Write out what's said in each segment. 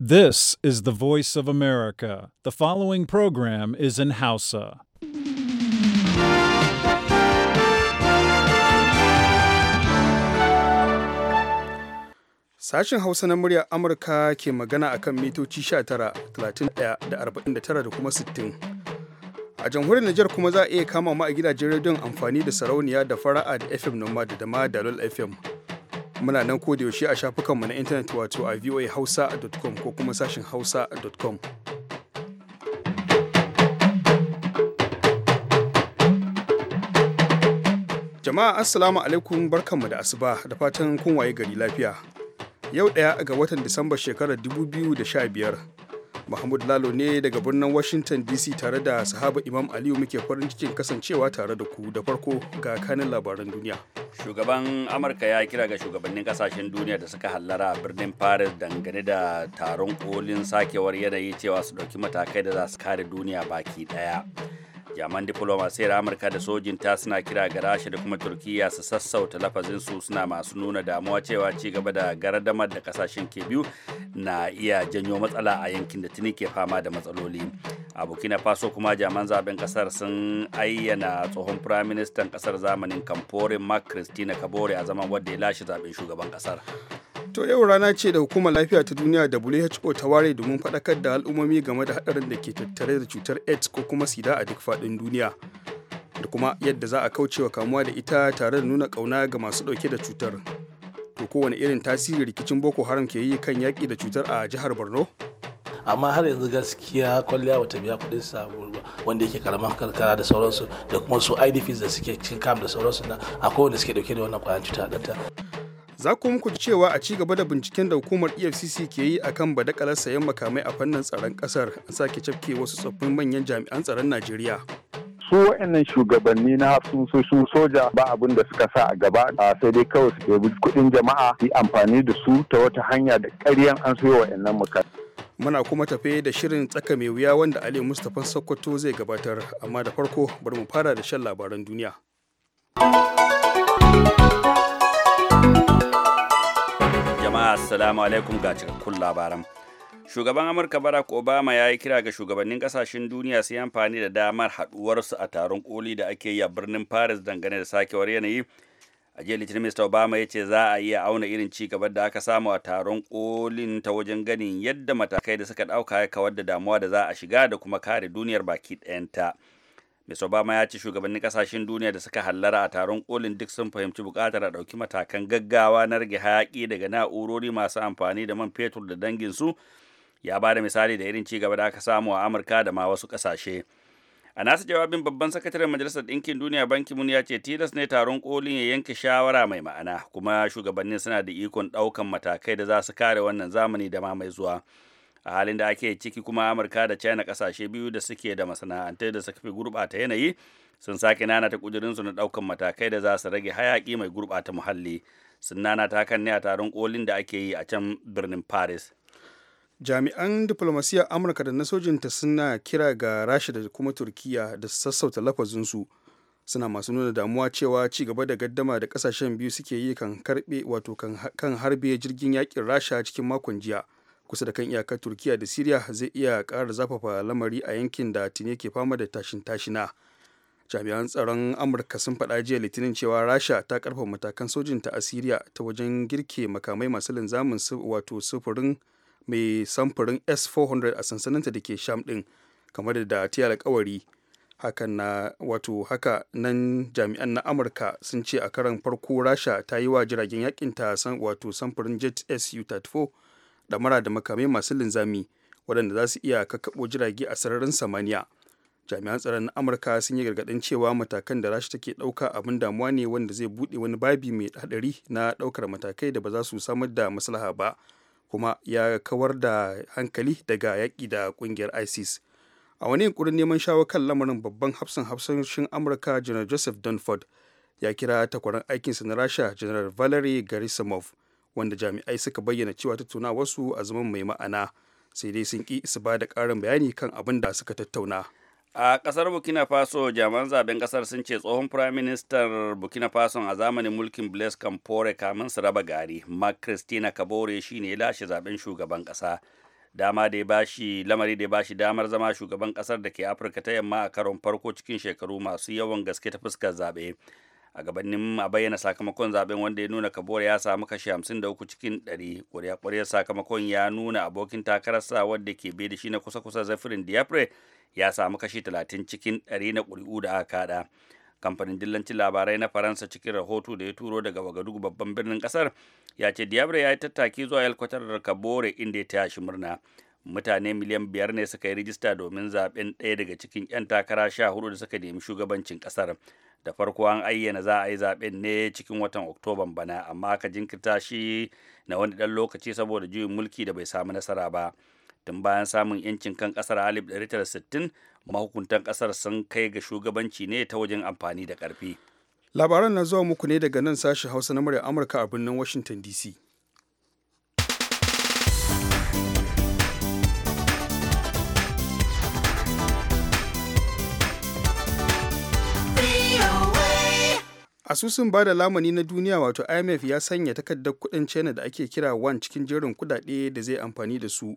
This is the voice of America. The following program is in Hausa. Sashen Hausa na muryar Amurka ke magana akan mitoci 19, 31 da 49 da kuma 60. A jamhuriyar Nijar kuma za a iya kama mu a gidajen rediyon amfani da sarauniya da fara'a da FM Nomad da ma Dalol FM. muna nan ko da yaushe a shafukanmu na intanet wato a voahausa.com ko kuma sashin hausa.com jama'a assalamu alaikum barkanmu da asuba da fatan kun waye gari lafiya yau ɗaya ga watan disamba shekarar 2015 Mahmud Lalo ne daga birnin Washington DC tare da sahaba Imam Aliyu muke farin cikin kasancewa tare da ku da farko ga kanin labaran duniya. Shugaban Amurka ya kira ga shugabannin kasashen duniya da suka hallara a birnin Paris dangane da taron kolin sakewar yanayi cewa su ɗauki matakai da za su kare duniya baki ɗaya. jaman diplomasiyar amurka da sojinta suna kira ga rasha da kuma turkiya su sassauta lafazinsu suna masu nuna damuwa cewa ci gaba da gardamar da kasashen ke biyu na iya janyo matsala a yankin da tuni ke fama da matsaloli a burkina faso kuma jaman zaben kasar sun ayyana tsohon firaministan kasar zamanin kamforin mark christina kabore a zaman wadda ya lashe zaben shugaban kasar To yau rana ce da hukumar lafiya ta duniya WHO ta ware domin faɗakar da al'ummomi game da haɗarin da ke tattare da cutar AIDS ko kuma sida a duk faɗin duniya. Da kuma yadda za a kauce wa kamuwa da ita tare da nuna ƙauna ga masu ɗauke da cutar. To kowane irin tasiri rikicin Boko Haram ke yi kan yaƙi da cutar a jihar Borno? amma har yanzu gaskiya kwalliya ta biya kuɗin sabulu ba wanda yake karamar karkara da sauransu da kuma su idps da suke cikin kam da sauransu na akwai wanda suke dauke da wannan kwayar cuta ɗanta. za ku muku cewa a ci gaba da binciken da hukumar efcc ke yi a kan badakalar sayan makamai a fannin tsaron kasar an sake cafke wasu tsoffin manyan jami'an tsaron najeriya su wa'annan shugabanni na sun su soja ba abin da suka sa a gaba a sai dai kawai su ɗebi kuɗin jama'a yi amfani da su ta wata hanya da ƙaryan an sayo wa'annan mutane. Muna kuma tafe da shirin tsaka mai wuya wanda Ali Mustapha Sokoto zai gabatar amma da farko bari mu fara da shan labaran duniya. Assalamu alaikum ga cikakkun labaran. Shugaban Amurka Barack Obama ya yi kira ga shugabannin kasashen duniya su yi amfani da damar haɗuwarsu a taron koli da ake yi a birnin Paris dangane da sakewar yanayi. A jiya Litinin Mr. Obama ya ce za a iya auna irin ci gaba da aka samu a taron kolin ta wajen ganin yadda matakai da suka ɗauka ya kawar da damuwa da za a shiga da kuma kare duniyar baki ɗayanta. Mr. Obama ya ce shugabannin kasashen duniya da suka hallara a taron kolin duk sun fahimci bukatar a ɗauki matakan gaggawa na rage hayaƙi daga na'urori masu amfani da man fetur da danginsu ya ba da misali da irin ci gaba da aka samu a Amurka da ma wasu kasashe. A nasu jawabin babban sakataren Majalisar Ɗinkin Duniya Banki Mun ya ce tilas ne taron kolin ya yanke shawara mai ma'ana kuma shugabannin suna da ikon ɗaukan matakai da za su kare wannan zamani da ma mai zuwa. a halin da ake ciki kuma amurka da china kasashe biyu da suke da masana'antar da suka fi gurɓata yanayi sun sake nana ta su na ɗaukan matakai da za su rage hayaƙi mai gurɓata muhalli sun nana ta kan ne a taron kolin da ake yi a can birnin paris jami'an diflomasiyyar amurka da na sojinta suna kira ga rasha da kuma turkiya da su sassauta lafazinsu suna masu nuna damuwa cewa ci gaba da gaddama da kasashen biyu suke yi kan karbe wato kan harbe jirgin yakin rasha cikin makon jiya kusa da kan iyakar turkiya da siriya zai iya kara zafafa lamari a yankin da tuni ke fama da tashin tashina jami'an tsaron amurka sun faɗa jiya litinin cewa rasha ta karfa matakan sojinta a siriya ta wajen girke makamai masu linzamin wato sufurin mai samfurin s-400 a sansaninta da ke sham ɗin kamar da ta alkawari hakan na wato haka nan jami'an na amurka sun ce a karan farko rasha ta yi wa jiragen yakin ta san wato samfurin jet su-34 ɗamara da makamai masu linzami waɗanda za su iya kakkaɓo jirage a sararin samaniya jami'an tsaron na amurka sun yi gargaɗin cewa matakan da rasha take ɗauka abin damuwa ne wanda zai buɗe wani babi mai haɗari na ɗaukar matakai da ba za su samar da maslaha ba kuma ya kawar da hankali daga yaƙi da ƙungiyar isis a wani yunkurin neman shawo kan lamarin babban hafsan hafsoshin amurka general joseph dunford ya kira takwaran aikinsa na rasha general valery garisimov wanda jami'ai suka bayyana cewa tattaunawarsu a zaman mai ma'ana sai dai sun ki su ba da ƙarin bayani kan abin da suka tattauna a ƙasar burkina faso jami'an zaben ƙasar sun ce tsohon firaministan burkina faso a zamanin mulkin blaise campore kamin su raba gari mark christina kabore shine ya lashe zaben shugaban ƙasa dama da ya bashi lamari da ya shi damar zama shugaban ƙasar da ke afirka ta yamma a karon farko cikin shekaru masu yawan gaske ta fuskar zaɓe a gabanin a bayyana sakamakon zaben wanda ya nuna kabore ya samu kashi 53 cikin 100 ƙuri'a sakamakon ya nuna abokin takararsa wadda ke bai da shi na kusa-kusa zafirin diapre ya samu kashi talatin cikin 100 na ƙuri'u da aka kada kamfanin dillancin labarai na faransa cikin rahoto da ya turo daga wagadugu babban birnin kasar ya ce diapre ya yi tattaki zuwa yalkwatar kabore inda ya taya shi murna mutane miliyan biyar ne suka yi rijista domin zaben ɗaya daga cikin 'yan takara sha hudu da suka nemi shugabancin ƙasar da farko an ayyana za a yi zaben ne cikin watan oktoban bana amma aka jinkirta shi na wani ɗan lokaci saboda juyin mulki da bai samu nasara ba tun bayan samun 'yancin kan ƙasar alif sittin mahukuntan ƙasar sun kai ga shugabanci ne ta wajen amfani da ƙarfi labaran na zuwa muku ne daga nan sashen hausa na murya amurka a birnin washington dc Asusun bada lamuni na duniya wato IMF ya sanya takardar kuɗin China da ake kira wan cikin jerin kuɗaɗe da zai amfani da su.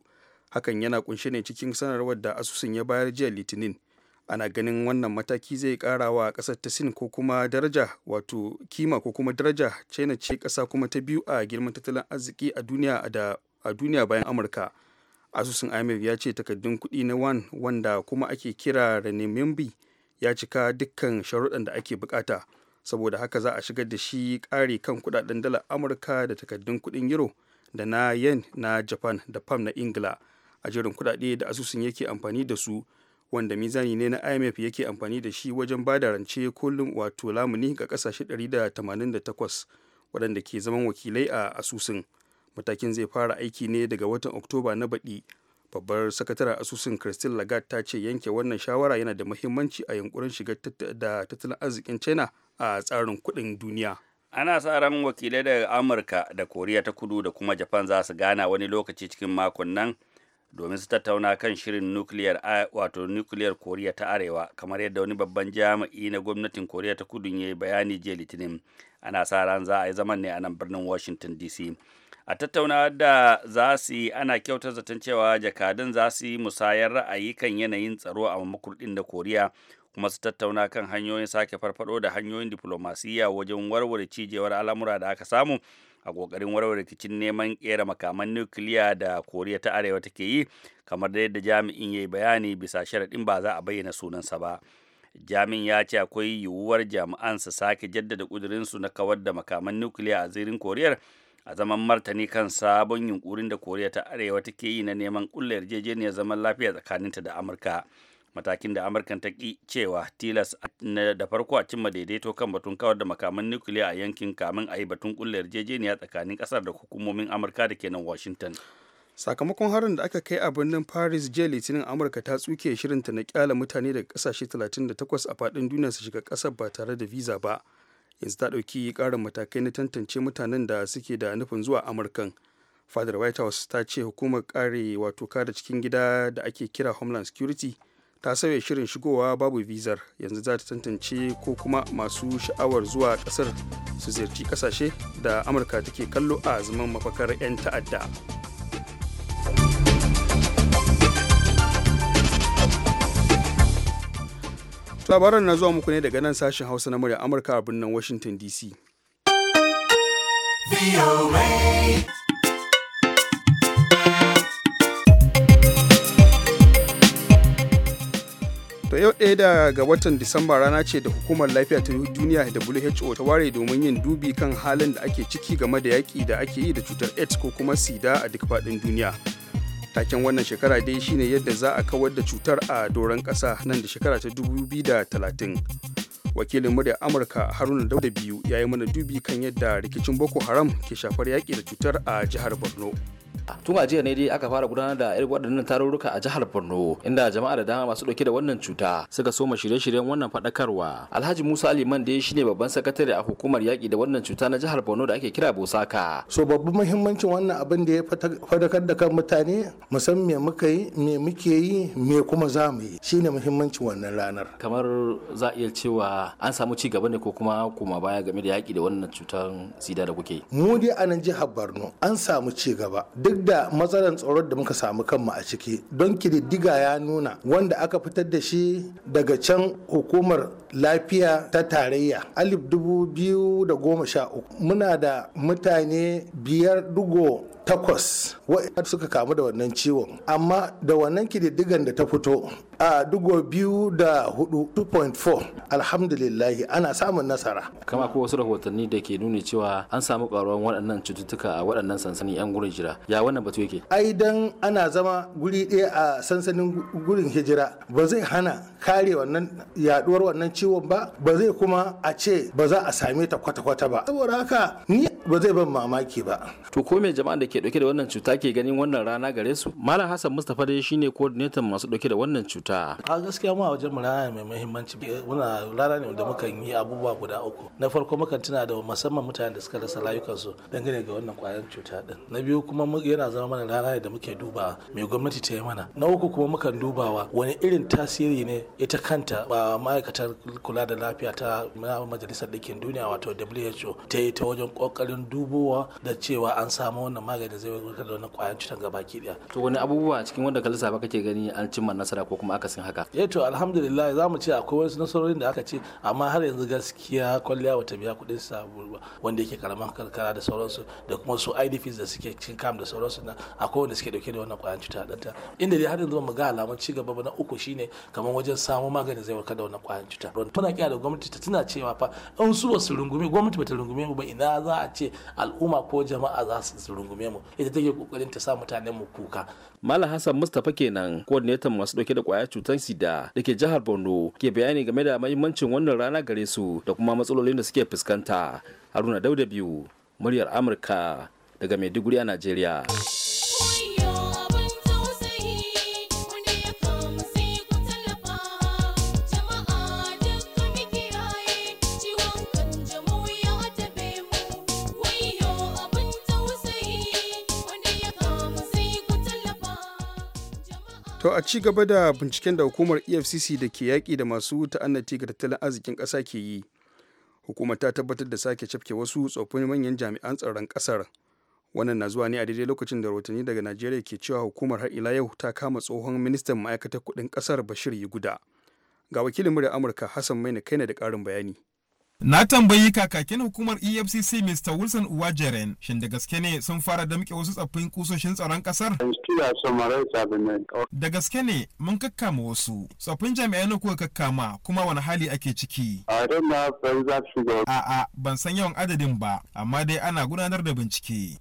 Hakan yana kunshe ne cikin sanarwar da asusun ya bayar jiya Litinin. Ana ganin wannan mataki zai ƙara wa kasar ta Sin ko kuma daraja wato kima ko kuma daraja China ce kasa kuma ta biyu a girman tattalin arziki a duniya da a duniya bayan Amurka. Asusun IMF ya ce takardun kuɗi na wan wanda kuma ake kira renminbi ya cika dukkan sharuɗan da ake bukata. saboda haka za a shigar da shi kare kan kudaden dalar amurka da takardun kudin euro da na yen na japan da pam na ingila a jerin kudade da asusun yake amfani da su wanda mizani ne na imf yake amfani da shi wajen ba da rance kullum wato lamuni ga kasashe 188 waɗanda ke zaman wakilai a asusun matakin zai fara aiki ne daga watan oktoba na baɗi babbar sakataren asusun christine lagarde ta ce yanke wannan shawara yana da muhimmanci a yankurin shigar da tattalin arzikin china a tsarin kudin duniya ana sa ran wakilai daga amurka da koriya ta kudu da kuma japan za su gana wani lokaci cikin makon nan domin su tattauna kan shirin nukiliyar wato nukiliyar koriya ta arewa kamar yadda wani babban jami'i na gwamnatin koriya ta kudu ya yi bayani jiya litinin ana sa ran za a yi zaman ne a nan birnin washington dc a tattaunawa da za su yi ana kyautar zaton cewa jakadun za su yi musayar ra'ayi kan yanayin tsaro a makurɗin da koriya kuma su tattauna kan hanyoyin sake farfado da hanyoyin diflomasiyya wajen warware cijewar al'amura da aka samu a kokarin warware rikicin neman kera makaman nukiliya da koriya ta arewa take yi kamar da yadda jami'in ya yi bayani bisa sharaɗin ba za a bayyana sunansa ba jami'in ya ce akwai yiwuwar jami'an su sake jaddada ƙudurinsu na kawar da makaman nukiliya a zirin koriyar a zaman martani kan sabon yunkurin da koriya ta arewa take yi na neman ƙulla yarjejeniyar zaman lafiya tsakaninta da amurka matakin da amurkan ta ki cewa tilas da farko a cimma daidaito kan batun kawar da makaman nukiliya a yankin kamin a yi batun ƙulla yarjejeniya tsakanin ƙasar da hukumomin amurka da kenan nan washington sakamakon harin da aka kai a birnin paris jiya litinin amurka ta tsuke shirinta na kyala mutane daga kasashe 38 a faɗin duniya su shiga ƙasar ba tare da visa ba yanzu ta ɗauki ƙarin matakai na tantance mutanen da suke da nufin zuwa amurkan fadar white house ta ce hukumar kare wato kada cikin gida da ake kira homeland security ta sauya shirin shigowa babu bizar yanzu za ta tantance ko kuma masu sha'awar zuwa kasar su ziyarci kasashe da amurka take kallo a zaman mafakar 'yan ta'adda labaran na zuwa muku ne daga nan sashen hausa na murya amurka a birnin washington dc to yau ɗaya daga watan disamba rana ce da hukumar lafiya ta duniya who ta ware domin yin dubi kan halin da ake ciki game da yaƙi da ake yi da cutar aids ko kuma sida a duk faɗin duniya taken wannan shekara dai shine yadda za a kawar da cutar a doron ƙasa nan da shekara ta talatin, wakilin muryar amurka haruna dauda biyu ya yi mana dubi kan yadda rikicin boko haram ke shafar yaƙi da cutar a jihar borno tun a jiya ne dai aka fara gudanar da irin waɗannan tarurruka a jihar borno inda jama'a da dama masu ɗauke da wannan cuta suka soma shirye-shiryen wannan faɗakarwa alhaji musa aliman dai shine babban sakatare a hukumar yaƙi da wannan cuta na jihar borno da ake kira bosaka so babban muhimmancin wannan abin da ya faɗakar da kan mutane musamman me muka yi me muke yi me kuma za mu yi shine muhimmancin wannan ranar kamar za a iya cewa an samu ci gaba ne ko kuma kuma baya game da yaƙi da wannan cutar sida da kuke mu dai a nan jihar borno an samu ci gaba duk da matsalar tsoron da muka samu kanmu a ciki don kididdiga ya nuna wanda aka fitar da shi daga can hukumar lafiya ta tarayya alif dubu biyu da goma sha uku muna da mutane biyar dugo takwas waɗanda suka kamu da wannan ciwon amma da wannan kididdigan da ta fito a dugo biyu da hudu 2.4 alhamdulillahi ana samun nasara kama ko wasu rahotanni da ke nuna cewa an samu karuwan waɗannan cututtuka a waɗannan sansanin yan gurin hijira ya wannan batu yake ai dan ana zama guri ɗaya a sansanin gurin hijira ba zai hana kare wannan yaduwar wannan ciwon ba ba zai kuma a ce ba za a same ta kwata-kwata ba saboda haka ni ba zai ban mamaki ba. To ko me jama'an da ke dauke da wannan cuta ke ganin wannan rana gare su? Malam Hassan Mustapha dai shine coordinator masu dauke da wannan cuta. A gaskiya mu a wajen mu rana mai muhimmanci. Eh, muna rana ne da muka yi abubuwa guda uku. Na farko muka tuna da musamman mutanen da suka rasa rayukansu dangane ga wannan kwayar cuta din. Na biyu kuma yana zama mana rana da muke duba mai gwamnati ta yi mana. Na uku kuma muka dubawa wani irin tasiri ne ita kanta ba ma'aikatar kula da lafiya ta majalisar ɗinkin duniya wato WHO ta yi ta wajen kokarin kokarin dubowa da cewa an samu wannan magani zai warkar da wani kwayan cutar gabaki daya to wani abubuwa cikin wanda ka lissafa kake gani an cimma nasara ko kuma akasin haka eh to alhamdulillah za mu ce akwai wasu nasarorin da aka ce amma har yanzu gaskiya kwalliya wata biya kuɗin sabuwa wanda yake karaman karkara da sauransu da kuma su idps da suke cin kam da sauransu na akwai wanda suke ɗauke da wannan kwayan cuta ɗanta inda dai har yanzu ba mu ga alamun ci gaba ba na uku shine kamar wajen samu magani zai warkar da wannan kwayan cuta muna kira da gwamnati ta tana cewa fa in su ba su rungume gwamnati ba ta rungumi ba ina za a ce ce al'umma ko jama'a za su rungume mu ita take kokarin ta sa mutanen mu kuka Malam Hassan Mustapha kenan coordinator masu dauke da kwayar cutar sida da ke jihar Borno ke bayani game da mahimmancin wannan rana gare su da kuma matsalolin da suke fuskanta Haruna Dauda biyu muryar Amurka daga Maiduguri a Najeriya. To a ci gaba da binciken da hukumar EFCC da ke yaƙi da masu ta'annati ga tattalin arzikin ƙasa ke yi. Hukumar ta tabbatar da sake cafke wasu tsoffin manyan jami'an tsaron ƙasar. Wannan na zuwa ne a daidai lokacin da rahotanni daga Najeriya ke cewa hukumar har ila yau ta kama tsohon ministan ma'aikatar kuɗin ƙasar Bashir Yuguda. Ga wakilin murya Amurka Hassan Maina kai Kaina da ƙarin bayani. Na tambayi kakakin hukumar EFCC Mr. Wilson Uwajeren, shin da gaske ne sun fara damƙe wasu tsaffin kusoshin tsaron ƙasar? Da gaske ne mun kakkama wasu, tsaffin jami'ai na kuka kakkama kuma wani hali ake ciki. A'a, ban san yawan adadin ba, amma dai ana gudanar da bincike.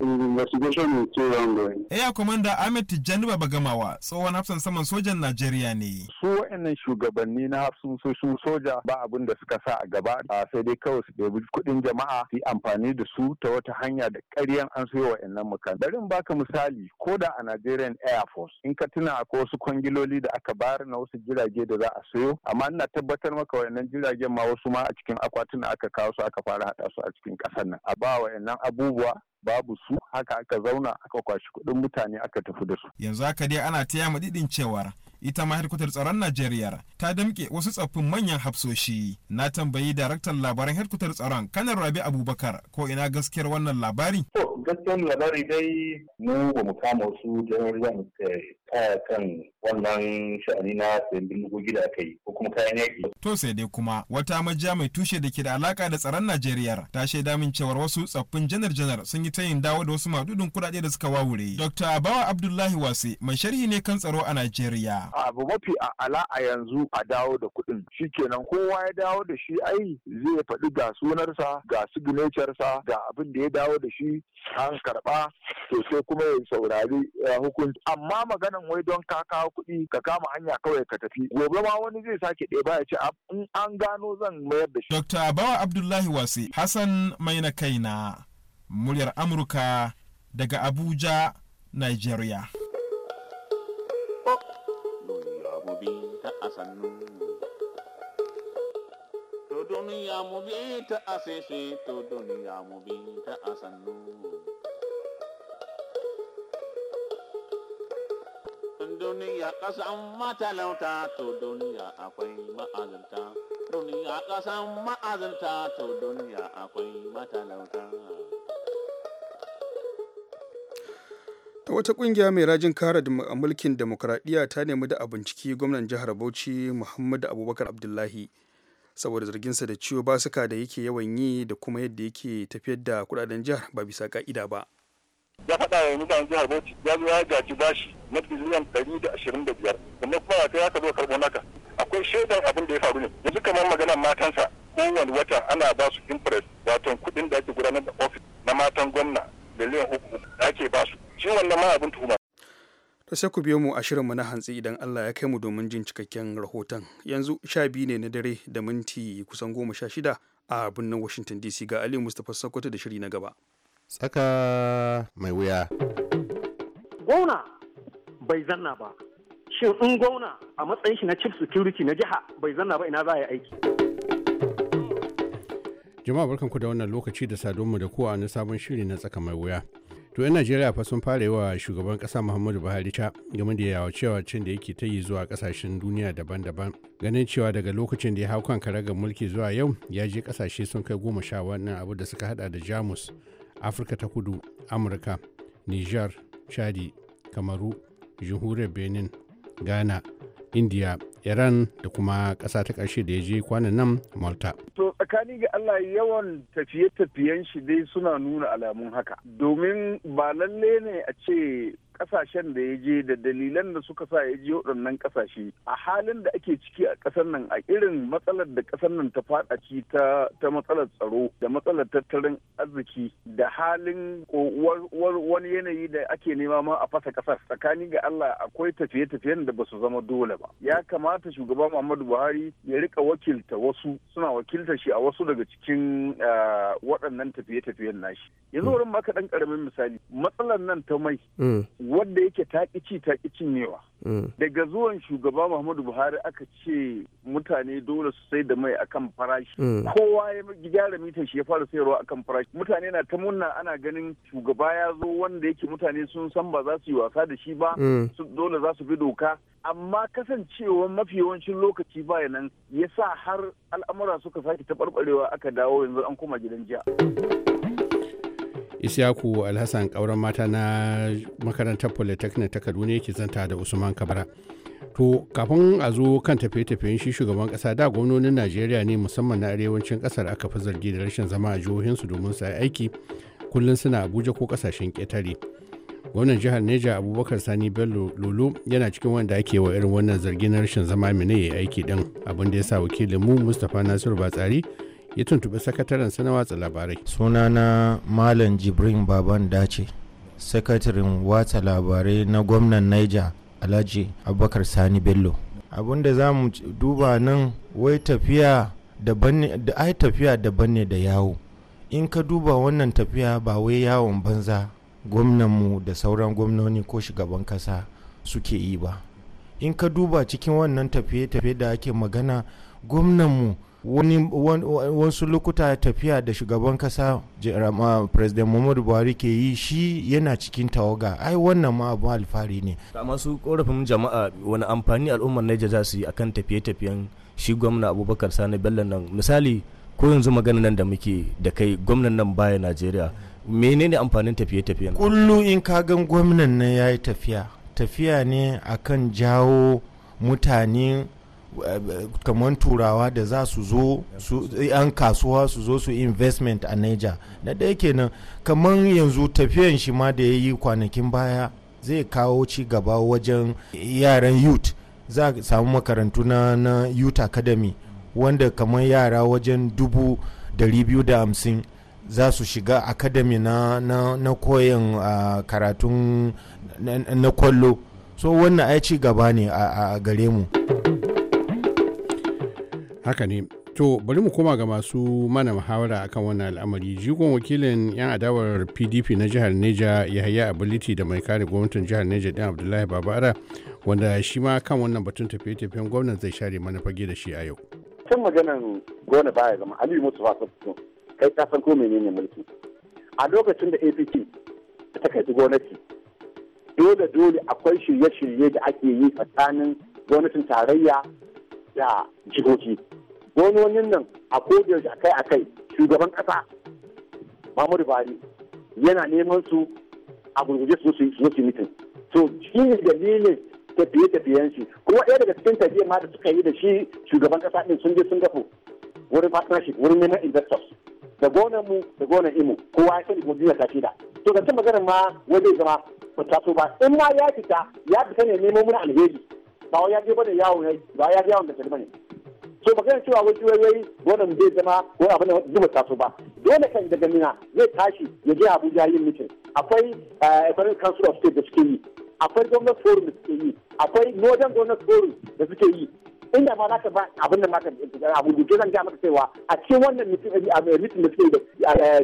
Eya Kwamanda Ahmed Tijjani gamawa tsohon hafsan saman sojan Najeriya ne. Su wa'annan shugabanni na hafsun soja ba abin da suka sa a gaba sai dai kawai su ɗebi kuɗin jama'a su yi amfani da su ta wata hanya da ƙaryan an sayo wa'annan mukan. barin baka misali ko da a Nigerian Air Force in ka tuna akwai wasu kwangiloli da aka bayar na wasu jirage da za a sayo amma ina tabbatar maka wa'annan jiragen ma wasu ma a cikin akwatuna aka kawo su aka fara haɗa su a cikin ƙasar nan. A ba wa'annan abubuwa babu su haka aka zauna aka kwashi kuɗin mutane aka tafi da su. Yanzu haka dai ana taya mu didin cewar ita ma hedkwatar tsaron najeriya ta damƙe wasu tsaffin manyan hafsoshi na tambayi daraktan labaran hedkwatar tsaron kanar rabi abubakar ko ina gaskiyar wannan labari to gaskiyar labari dai mu ba mu kama wasu jihohin kaya kan wannan sha'ani na sayan bindigogi gida aka yi ko kuma kayan yaƙi. To sai dai kuma wata majiya mai tushe da ke da alaka da tsaron Najeriya ta shaida min cewar wasu tsaffin janar-janar sun yi ta yin dawo da wasu madudin kuɗaɗe da suka wawure. Dr. Bawa Abdullahi Wase mai sharhi ne kan tsaro a Najeriya. abu mafi ala a yanzu a dawo da kuɗin shikenan kowa ya dawo da shi ai zai faɗi ga sunarsa ga signaturesa ga abin da ya dawo da shi an karɓa sosai kuma ya saurari eh, hukunci amma maganan wai don ka kawo kuɗi ka kama hanya kawai ka tafi gobe ma wani zai sake ɗeba ya ce in an gano zan mayar da shi. Dr. Bawa Abdullahi Wasi Hassan Maina na, muryar Amurka daga Abuja, Nigeria. bi ta a sannu. To duniya mu bi ta a sese, to duniya mu bi ta a sannu. Duniya ƙasan matalauta, to duniya akwai ma'azinta. Duniya ƙasan ma'azinta, to duniya akwai matalauta. wata kungiya mai rajin kare mulkin demokradiyya ta nemi da a binciki gwamnan jihar bauchi muhammadu abubakar abdullahi saboda zarginsa da ciwo basuka da yake yawan yi da kuma yadda yake tafiyar da kudaden jihar ba bisa ka'ida ba ya faɗa wa mutanen jihar bauchi ya zo ya gaji bashi na biliyan ɗari da ashirin da biyar sannan kuma ta ya ka karbo karɓo naka akwai shaidar abin da ya faru ne yanzu kamar maganar matansa kowane wata ana ba su impress wato kuɗin da ake gudanar da ofis na matan gwamna miliyan uku da ake ba su shi wannan ma abin tuhuma ta sai ku biyo mu a shirinmu na hantsi idan Allah ya kai mu domin jin cikakken rahoton yanzu sha biyu ne na dare da minti kusan goma sha shida a birnin Washington DC ga Ali Mustapha Sokoto da shiri na gaba. Tsaka mai wuya. Gona bai zanna ba. Shin in gona a matsayin shi na chief security na jiha bai zanna ba ina za a yi aiki. Jama'a barkanku da wannan lokaci da sadonmu da kowa na sabon shiri na tsaka mai wuya. To 'yan Najeriya fa sun fara wa shugaban kasa Muhammadu Buhari ta game da yawa cewa cin da yake ta yi zuwa kasashen duniya daban-daban. Ganin cewa daga lokacin da ya hau kan karagar mulki zuwa yau ya je kasashe sun kai goma sha wannan abu da suka hada da Jamus, Afirka ta Kudu, Amurka, Niger, Chadi, Kamaru, jihuriyar Benin, Ghana, indiya iran da kuma ƙasa ta ƙarshe da ya je kwanan nan malta to tsakani ga allah yawan tafiye-tafiyen shi dai suna nuna alamun haka domin ba lalle ne a ce kasashen da ya je da dalilan da suka sa ya je waɗannan kasashe a halin da ake ciki a ƙasar nan a irin matsalar da ƙasar nan ta faɗa ci ta ta matsalar tsaro da matsalar tattalin arziki da halin wani yanayi da ake nema ma a fasa ƙasar tsakani ga Allah akwai tafiye-tafiyen da ba su zama dole ba ya kamata shugaba Muhammadu Buhari ya rika wakilta wasu suna wakiltar shi a wasu daga cikin eh, waɗannan tafiye-tafiyen nashi yanzu wurin maka ɗan ƙaramin misali matsalar nan ta mai mm. wadda yake taƙi ci newa. Mm. Daga zuwan shugaba Muhammadu Buhari aka ce mutane dole su sai da mai akan farashi. Mm. Kowa ya gyara mitan shi ya fara sayarwa akan farashi. Mutane na ta munna ana ganin shugaba ya zo wanda yake mutane sun san ba za su yi wasa da shi ba, mm. dole za su bi doka. amma kasancewa mafi yawancin lokaci bayanan ya sa har al'amura suka sake taɓarɓarewa aka dawo yanzu an koma gidan jiya. Isyaku Alhassan kauran mata na makarantar Polytechnic ta Kaduna yake zanta da Usman Kabara. To kafin a zo kan tafiye-tafiyen shi shugaban kasa da gwamnonin Najeriya ne musamman na arewacin kasar aka fi zargi da rashin zama a jihohinsu domin su aiki kullum suna Abuja ko kasashen ƙetare. Gwamnan jihar Neja Abubakar Sani Bello Lolo yana cikin wanda ake wa irin wannan zargi na rashin zama mene ya yi aiki din abin da ya sa wakilin mu Mustapha Nasiru Batsari ya tuntuɓi sakataren na watsa labarai sunana malam jibrin baban dace sakatarin watsa labarai na gwamnan niger alhaji abubakar sani bello abinda za mu duba nan wai tafiya da ai tafiya daban ne da yawo in ka duba wannan tafiya ba wai yawon banza gwamnanmu da sauran gwamnoni ko shugaban kasa suke yi ba in ka duba cikin wannan tafiye-tafiye da ake magana gwamnanmu wani wasu lokuta tafiya da shugaban kasa president muhammadu buhari ke yi shi yana cikin tawaga ai wannan ma abu alfahari ne masu korafin jama'a wani amfani al'ummar naija za su yi akan tafiye-tafiyen shi gwamna abubakar sani bello nan misali ko yanzu magana nan da muke da kai gwamnan nan baya najeriya menene amfanin tafiye-tafiyen kullu in ka gan gwamnan nan ya yi tafiya tafiya ne akan jawo mutane kamar turawa da za su zo su yan kasuwa su zo su investment a niger na ɗaya kenan kamar yanzu tafiyan shi ma da ya yi kwanakin baya zai kawo ci gaba wajen yaran youth za a samu makarantu na, na youth academy wanda kamar yara wajen dubu dari biyu da hamsin za su shiga academy na, na, na karatun na, kwallo so wannan ai ci gaba ne a gare mu haka ne to bari mu koma ga masu mana muhawara akan wannan al'amari jigon wakilin yan adawar pdp na jihar neja yahaya ability da mai kare gwamnatin jihar neja din abdullahi babara wanda shi ma kan wannan batun tafiye-tafiyen gwamnan zai share mana fage da shi a yau kan maganan gwamna baya zama aliyu musu kai ka san ko menene mulki a lokacin da apc ta kai gwamnati dole dole akwai shirye-shirye da ake yi tsakanin gwamnatin tarayya da jihohi wani nan a kai akai akai shugaban kasa Muhammadu Bari, yana neman su a gurguje su su yi mitin to shi ne dalilin tafiye-tafiyen shi kuma ɗaya daga cikin tafiye ma da suka yi da shi shugaban kasa ɗin sun je sun gafo wurin partnership wurin neman investors da gonan mu da gonan imu kowa ya sani gobe ta shida to ga maganar ma wai zai zama ba ta so ba in ma ya fita ya fita ne neman mun alheri ba ya je bane yawo ne ba ya je yawon da bane so magana cewa wasu wayoyi wannan zai zama wani abu ne zuba taso ba dole kan daga mina zai tashi ya je Abuja yin mitin akwai economic eh, council of state da suke yi akwai gwamnati forum da suke yi akwai northern gwamnati forum da suke yi inda ma za ba abin da ma ka abu da zan ga maka cewa a cikin wannan mutum da suke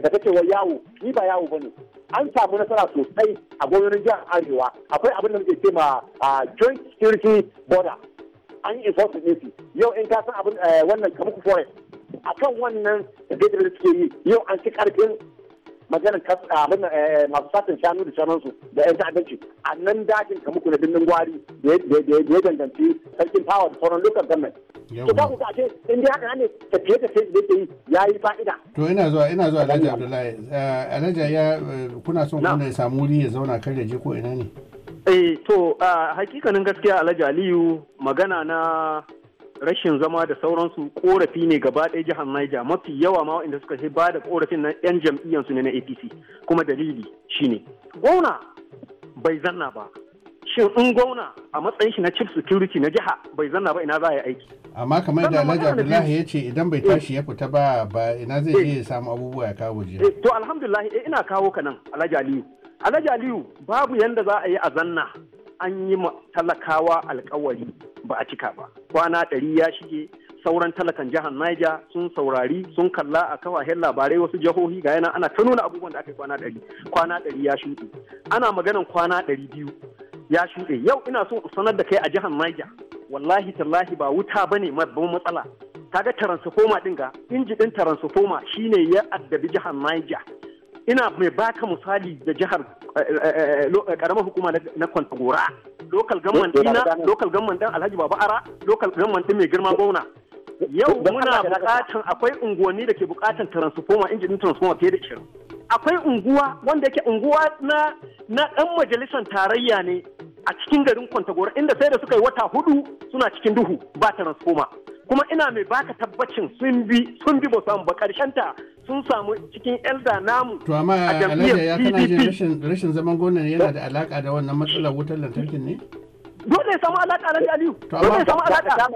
da ka cewa yawo ni ba yawo bane an samu nasara sosai a gwamnatin jihar arewa akwai abin da muke ce ma joint security border an yi enforcement ne yau in ka san abin eh, wannan kamuku forest akan wannan da suke yi yau an ci karfin maganar abin eh, eh, masu satin shanu da shanunsu da yan ta'addanci a nan dajin ka muku da birnin gwari da ya danganci sarkin power da sauran local government to ba ku ga ce in dai haka ne tafiye sai da yake yi ya yi fa'ida to ina zuwa ina zuwa alhaji abdullahi eh, alhaji ya kuna son kuna ya samu wuri ya zauna kar ya je ko ina ne eh to hakikanin gaskiya alhaji aliyu magana na rashin zama da sauransu korafi ne gaba ɗaya jihar Niger mafi yawa ma waɗanda suka ba da korafin nan 'yan jam'iyyar su ne na APC kuma dalili shine gwamna bai zanna ba shin in gwamna a matsayin shi na chief security na jiha bai zanna ba ina za a yi aiki amma kamar da Alhaji Abdullahi ya ce idan bai tashi ya fita ba ba ina zai je eh. ya samu abubuwa ya kawo jiya eh, to alhamdulillah eh, ina kawo ka nan Alhaji Aliyu Alhaji Aliyu babu yanda za a yi a zanna an yi talakawa alkawari ba a cika ba kwana ɗari ya shige sauran talakan jihar Niger sun saurari sun kalla a kafafen labarai wasu jihohi ga yana ana ta nuna abubuwan da aka kwana ɗari kwana ɗari ya shuɗe ana maganan kwana ɗari biyu ya shuɗe yau ina so sanar da kai a jihar Niger wallahi tallahi ba wuta ba ne babban matsala kaga taransifoma din ga inji din taransifoma shine ya addabi jihar Niger ina mai baka misali da jihar karamar eh, eh, eh, hukuma na Kwantagora lokal government dina lokal government dan alhaji baba ara lokal government din mai girma gwamna yau muna bukatan akwai unguwanni da ke bukatan transformer injinin transformer fiye da ishirin akwai unguwa wanda yake unguwa na na dan majalisar tarayya ne a cikin garin kwantagoro inda sai da suka yi wata hudu suna cikin duhu ba transformer kuma ina mai baka tabbacin sun bi sun bi ba su ba karshen ta sun samu cikin elda namu to amma pdp. ya kana jin rashin zaman gonan yana da alaka da wannan matsalar wutar lantarkin ne dole ya samu alaka alhaji aliyu dole ya samu alaka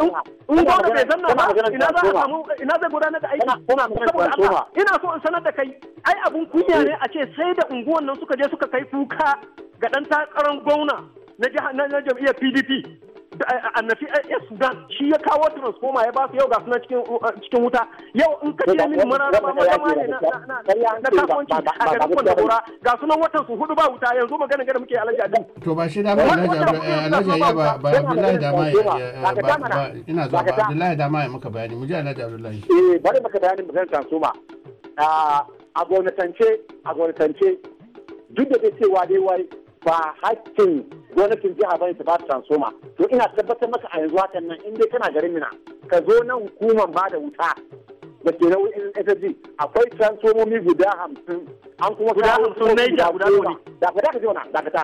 in gona bai zanna ba ina za a samu ina zai gudanar da aiki saboda Allah ina so in sanar da kai ai abun kunya ne a ce sai da unguwan nan suka je suka kai kuka ga dan takarar gwamna na jam'iyyar PDP annafi yan sudan shi ya kawo transformer ya ba su yau ga suna uh, cikin wuta yau in ka je mini mararaba wata ma ne na kasuwanci a garin kwandagora ga sunan watan su hudu ba wuta yanzu magana gada muke alhaji adu to ba shi dama alhaji eh, ya ba ba abdullahi dama ya ba ina zuwa ba abdullahi dama ya muka bayani mu ji alaji abdullahi eh bari maka bayanin magana transformer ah, a gwamnatance a gwamnatance duk da cewa dai wai ba hakkin gwamnatin jiha bane ta ba ta transforma to ina tabbatar maka a yanzu hakan nan in dai kana garin mina ka zo nan hukumar ba da wuta da ke nau'in SSG akwai transformomi guda hamsin an kuma guda hamsin na ija guda goma da ka da ka jona da ka ta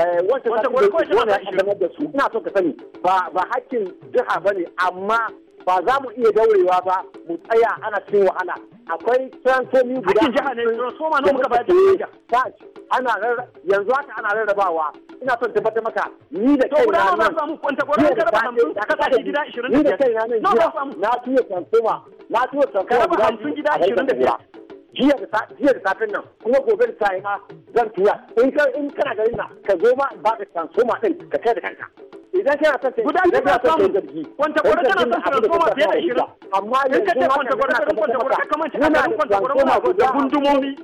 eh, wancan wancan gwai kawai wani an da su ina so ka sani ba ba hakkin jiha bane amma ba za mu iya daurewa ba mu tsaya ana cikin wahala akwai transformi guda hakkin jiha ne transforma ne muka bayar da ana yanzu haka ana rarrabawa ina son tabbatar maka ni da kai na nan samu kwanta gora ka ka ni da kai na nan na tuye transformer na tuye transformer gida hamsin gida 25 jiya da jiya da safin nan kuma gobe da sai ma zan tuya in ka in kana garin na ka zo ma ba ka transformer din ka kai da kanka idan kana son sai guda biyu kwanta gora kana son transformer da 20 amma yanzu kwanta gora kwanta gora ka kwanta gora gundumomi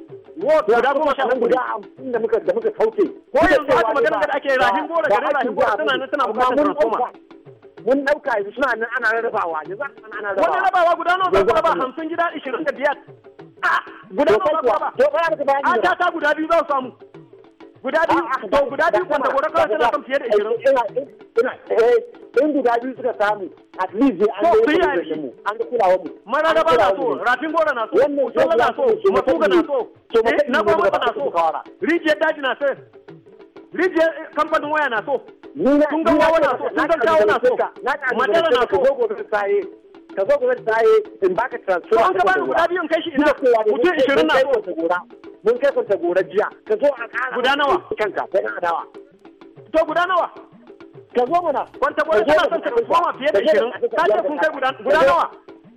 guda goma sha uku guda hamsin da muka da muka sauke ko yanzu haka magana da ake rahin gora garin rahin gora suna nan suna bukatar transformer mun dauka yanzu suna nan ana rarrabawa yanzu ana rarrabawa wannan rabawa guda nawa za ku raba hamsin gida ishirin da biyar guda nawa za ku raba a ta guda biyu za su samu guda biyu to guda biyu wanda gobe kawai kan fiye da ishirin. in guda biyu suka samu at least an mu an mu. na so rafin gora na so na so matuga eh, na so na na so rijiyar daji na so rijiyar eh, kamfanin waya na so. na so na so na so. ka zo gobe da saye in baka transfer an ka bani guda biyu in kai shi ina mutum ishirin na so mun kai kwanta gora jiya ka zo a kara guda nawa kanka sai na dawa. to guda nawa ka zo mana kwanta gora tana son ta koma fiye da ishirin ka ce kun kai guda nawa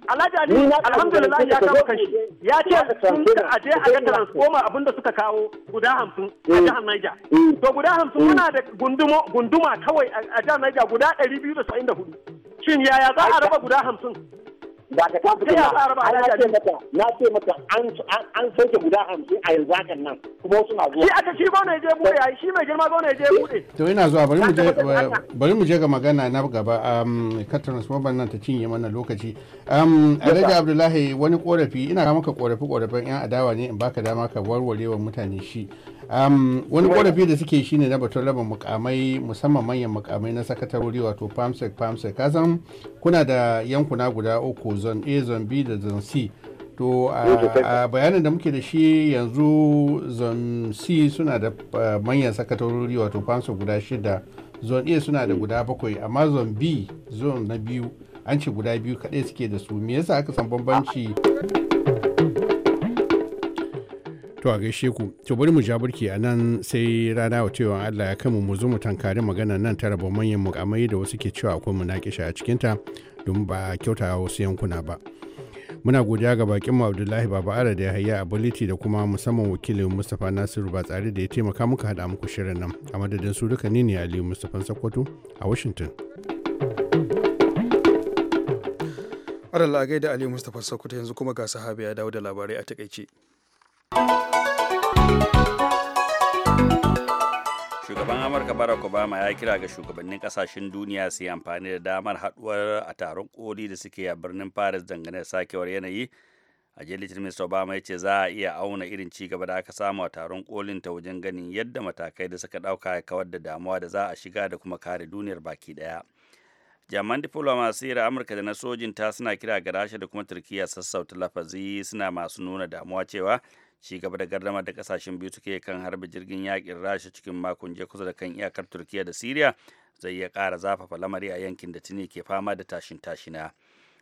Alhaji Ali alhamdulillah ya kama kashi ya ce sun a je a ga transformer abinda suka kawo guda hamsin a eh. jihar Niger. Eh. To guda hamsin eh. muna da gunduma kawai a jihar Niger guda ɗari biyu da sa'in da hudu. Shin yaya za a raba guda hamsin? ba ka ta fito ba na ce maka na ce maka an soke guda hamsin a yanzu hakan nan kuma wasu na zuwa shi aka shi ba ne je bude ai shi mai girma zo ne je bude to ina zuwa bari mu je eh, bari mu je ga magana na gaba um Catherine Swaban nan ta cinye mana lokaci um Alhaji Abdullahi wani korafi ina maka korafi korafin yan adawa ne in baka dama ka warware wa mutane shi Um, wani korafi da suke shine na batun raba mukamai musamman manyan mukamai na sakatarori wato pamsec pamsec kasan kuna da yankuna guda uku zon a zon b da zon c to eh, a bayanin da muke da shi yanzu zon c suna da uh, manyan sakatarori wato pamsec guda shida zon a suna da hmm. guda bakwai amma zon b zon na biyu an ce guda biyu kaɗai suke da su me yasa aka san bambanci a gaishe ku, to bari mu ja burki a nan sai rana wa cewa Allah ya kama mu zo mu tankari magana nan ta raba manyan mukamai da wasu ke cewa akwai munakisha a cikinta don ba kyauta a wasu yankuna ba. Muna godiya ga bakin mu Abdullahi Baba Ara da ya hayya Ability da kuma musamman wakilin Mustapha Nasiru tsare da ya taimaka muka hada muku shirin nan. A madadin su duka ne ne Aliyu Mustapha Sokoto a Washington. Adalla a gaida Aliyu Mustapha Sokoto yanzu kuma ga sahabi ya dawo da labarai a takaice. shugaban amurka barack obama ya kira ga shugabannin kasashen duniya su yi amfani da damar haduwar a taron koli da suke a birnin paris dangane da sakewar yanayi a litinin mr obama ya ce za a iya auna irin ci gaba da aka samu a taron kolin ta wajen ganin yadda matakai da suka dauka ya kawar da damuwa da za a shiga da kuma kare duniyar baki daya jaman diflomasiyar amurka da na sojin ta suna kira ga rasha da kuma turkiya sassauta lafazi suna masu nuna damuwa cewa ci gaba da gardama da kasashen biyu suke kan harbe jirgin yakin rasha cikin makon je kusa da kan iyakar turkiya da siriya zai iya kara zafafa lamari a yankin da tuni ke fama da tashin tashina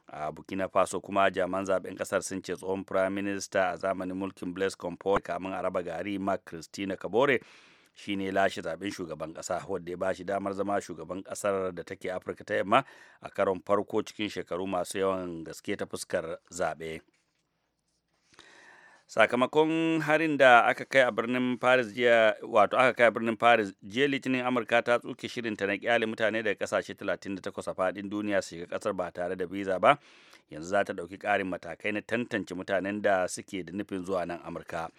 a burkina faso kuma jaman zaben kasar sun ce tsohon prime minister a zamanin mulkin blaise compaore kamun a raba gari mark christina kabore shi ne lashe zaben shugaban kasa wadda ya bashi damar zama shugaban kasar da take afirka ta yamma a karon farko cikin shekaru masu yawan gaske ta fuskar zaɓe. sakamakon harin da aka kai a birnin paris jiya wato aka kai a birnin paris jiya litinin amurka ta tsuke shirin ta na kyale mutane daga kasashe 38 a fadin duniya su shiga kasar ba tare da visa ba yanzu za ta ɗauki karin matakai na tantance mutanen da suke da nufin zuwa nan amurka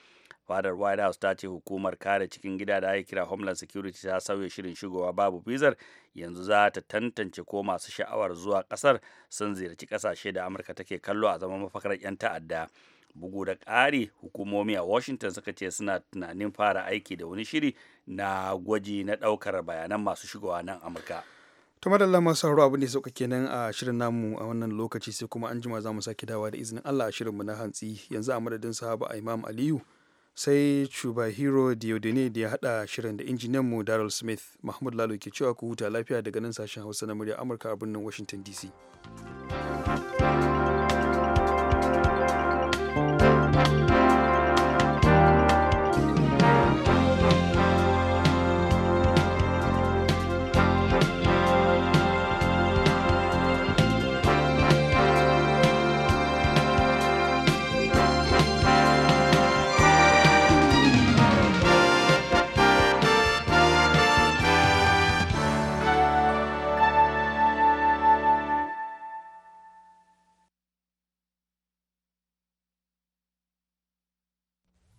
fadar white house ta ce hukumar kare cikin gida da ake kira homeland security ta sauya shirin shigowa babu bizar yanzu za ta tantance ko masu sha'awar zuwa kasar sun ziyarci kasashe da amurka take kallo a zaman mafakar 'yan ta'adda bugu da ƙari hukumomi a washington suka ce suna tunanin fara aiki da wani shiri na gwaji na ɗaukar bayanan masu shigowa nan amurka to madalla masu sauraro abin da ya sauka kenan a shirin namu a wannan lokaci sai kuma an jima za mu sake dawa da izinin allah a shirinmu na hantsi yanzu a madadin sahaba imam aliyu sai hero Diodene da ya hada shirin da injiniyan mu Daryl Smith Mahmud Lalo ke cewa ku huta lafiya daga nan sashen Hausa na murya Amurka a birnin Washington DC.